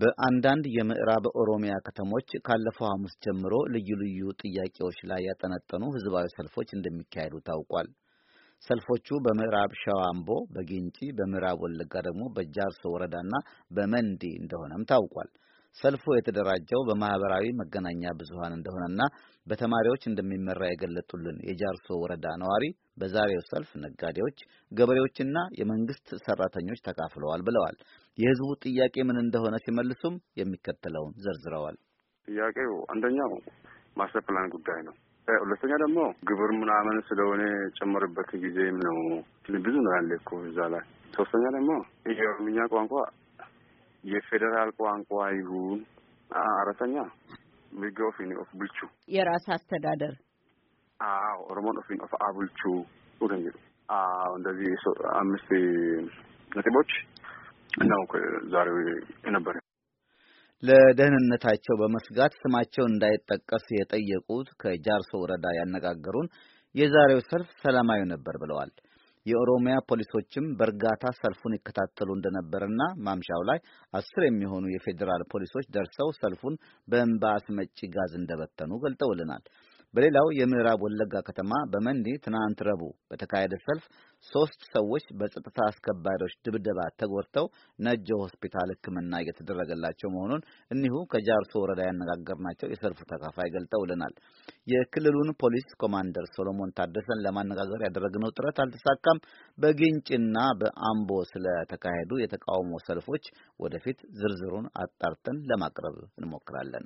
በአንዳንድ የምዕራብ ኦሮሚያ ከተሞች ካለፈው ሐሙስ ጀምሮ ልዩ ልዩ ጥያቄዎች ላይ ያጠነጠኑ ህዝባዊ ሰልፎች እንደሚካሄዱ ታውቋል። ሰልፎቹ በምዕራብ ሸዋ አምቦ፣ በጊንጪ፣ በምዕራብ ወለጋ ደግሞ በጃርሶ ወረዳና በመንዲ እንደሆነም ታውቋል። ሰልፉ የተደራጀው በማህበራዊ መገናኛ ብዙሃን እንደሆነና በተማሪዎች እንደሚመራ የገለጡልን የጃርሶ ወረዳ ነዋሪ በዛሬው ሰልፍ ነጋዴዎች፣ ገበሬዎችና የመንግስት ሰራተኞች ተካፍለዋል ብለዋል። የህዝቡ ጥያቄ ምን እንደሆነ ሲመልሱም የሚከተለውን ዘርዝረዋል። ጥያቄው አንደኛው ማስተር ፕላን ጉዳይ ነው። ሁለተኛ ደግሞ ግብር ምናምን ስለሆነ የጨመርበት ጊዜም ነው። ብዙ ነው ያለ እኮ እዛ ላይ። ሶስተኛ ደግሞ የኦሮምኛ ቋንቋ የፌዴራል ቋንቋ ይሁን አረተኛ ሚግ ኦፊን ኦፍ ብልቹ የራስ አስተዳደር አዎ ኦሮሞን ኦፊን ኦፍ አብልቹ ነ አዎ እንደዚህ አምስት ነጥቦች ነው ዛሬው የነበረ። ለደህንነታቸው በመስጋት ስማቸው እንዳይጠቀስ የጠየቁት ከጃርሶ ወረዳ ያነጋገሩን የዛሬው ሰልፍ ሰላማዊ ነበር ብለዋል። የኦሮሚያ ፖሊሶችም በእርጋታ ሰልፉን ይከታተሉ እንደነበርና ማምሻው ላይ አስር የሚሆኑ የፌዴራል ፖሊሶች ደርሰው ሰልፉን በእንባ አስመጪ ጋዝ እንደበተኑ ገልጠውልናል። በሌላው የምዕራብ ወለጋ ከተማ በመንዲ ትናንት ረቡዕ በተካሄደ ሰልፍ ሶስት ሰዎች በጸጥታ አስከባሪዎች ድብደባ ተጎድተው ነጆ ሆስፒታል ሕክምና እየተደረገላቸው መሆኑን እኒሁ ከጃርሶ ወረዳ ያነጋገርናቸው የሰልፉ ተካፋይ ገልጠውልናል። የክልሉን ፖሊስ ኮማንደር ሶሎሞን ታደሰን ለማነጋገር ያደረግነው ጥረት አልተሳካም። በግንጭና በአምቦ ስለተካሄዱ የተቃውሞ ሰልፎች ወደፊት ዝርዝሩን አጣርተን ለማቅረብ እንሞክራለን።